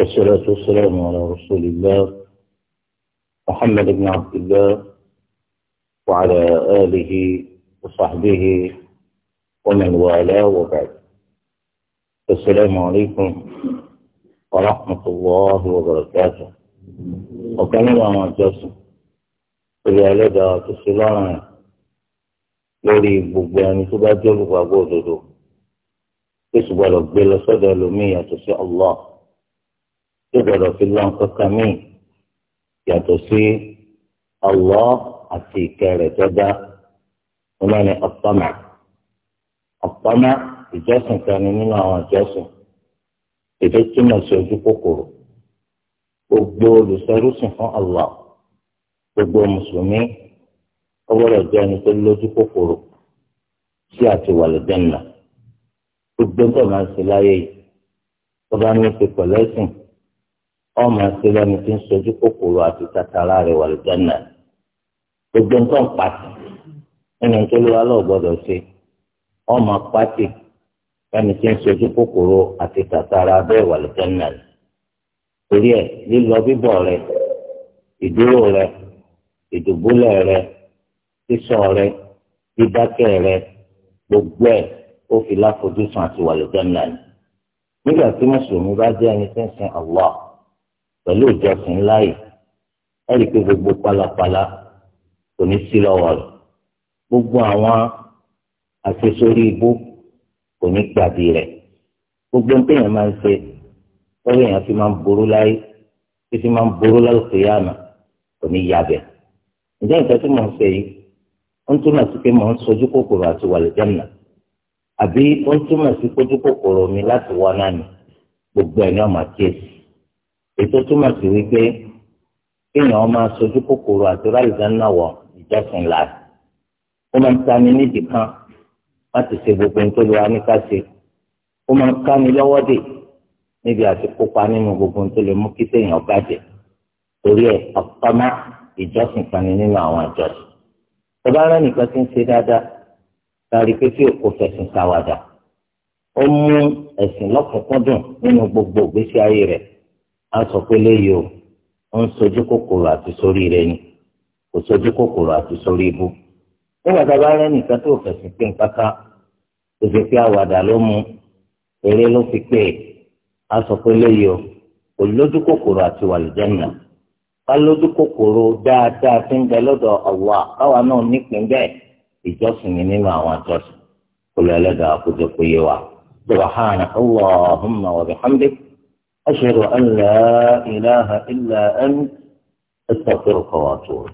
والصلاة والسلام على رسول الله محمد بن عبد الله وعلى آله وصحبه ومن والاه وبعد السلام عليكم ورحمة الله وبركاته وكان ما جسم إذا لدى tó ṣe lọ́rùn ẹ̀ lórí gbogbo ẹni tó bá jẹ́ olùgbàgbọ́ الله tó gbọdọ̀ fi lọ nǹkan kan míì yàtọ̀ sí Allah àti ìkẹ́ rẹ̀ tó dá wọn náà ní ọ̀pọ̀mà ọ̀pọ̀mà ìjọsìn kan ní nínú àwọn ìjọsìn ètò túmọ̀ sí ojú kòkòrò gbogbo olùsọ̀rùsìn fún Allah gbogbo mùsùlùmí ó jẹ́ ẹni tó lójú kòkòrò sí àti wàlúùdẹ́nà gbogbo nǹkan máa ń ṣe láyé yìí tó bá ní í pẹ̀lẹ́sìn ọmọ ẹsẹ lẹni tí ń sojú kòkòrò àti tatara rẹ wà lùjánà gbogbo nǹkan pàtì nínú tó ló wá lọ gbọ́dọ̀ ṣe ọmọ pàtì lẹni tí ń sojú kòkòrò àti tatara bẹ́ẹ̀ wà lùjánà torí ẹ lílọ bíbọ̀ rẹ ìdúró rẹ ìdùbúlẹ̀ rẹ sísọ rẹ dídákẹ́ rẹ gbogbo ẹ ó fi láfojúsùn àti wà lùjánà nígbà tí mùsùlùmí bá jẹ́ ẹni tí ń sin Allah pẹ̀lú ìjọsìn ńlá yìí ẹ rí i pé gbogbo pálapàla kò ní sí lọ́wọ́ rẹ̀ gbogbo àwọn àṣesórí ibú kò ní gbàdí rẹ̀ gbogbo ń tẹ̀yàn máa ń ṣe lọ́wọ́ èèyàn fi máa ń ború láyé fífi máa ń ború lálùkìyàmà kò ní yabẹ̀ ǹjẹ́ nǹkan tí mò ń ṣe yìí ó ń túmọ̀ sí pé mò ń sojú kòkòrò àti wàlìjẹ́nà àbí ó ń túmọ̀ sí kójú kòkòrò mi láti wá náà ní gbogbo ẹ̀ ní ọ̀mà kíyèsí ètò túmọ̀ sí wípé kéèyàn máa sojú kòkòrò àti ráìzà náà wọ ìjọsìn láàyè ó máa ń tani nídìí kan láti ṣe gbogbo ohun tó lè wá nípa ṣe ó máa ń káni lọ́wọ́ dè níbi àti kópa nínú gbogbo ohun tó lè mú kí téèyàn bàjẹ́ torí ẹ̀ ọ̀pọ̀má ìjọsìn kan ni nínú àwọn àjọsìn tó bá rán nìkan tí ń ṣe dáadáa láti pé tí kò fẹ̀sìn ṣàwàdà ó mú ẹ̀sìn lọ́kùnkúndùn nínú gbogbo ìgbésí ayé rẹ̀ a sọ pé léyìí o ń sojú kòkòrò àti sórí rẹ ni kò sojú kòkòrò àti sórí nígbà tá a bá rẹ nìkan tó fẹsùn pé nǹkankan tó fi pé àwàdà ló mu eré ló fi pé a sọ pé léyìí o kò lójú kòkòrò àti wàlìjẹ́nà ká lójú kòkòrò dáadáa fi ń bẹ lọ́dọ̀ káwa náà nípìn bẹ́ẹ̀ ìjọsìn ni nínú àwọn lọ ẹlẹ́dàá wa أشهد أن لا إله إلا أنت أستغفرك وأتوب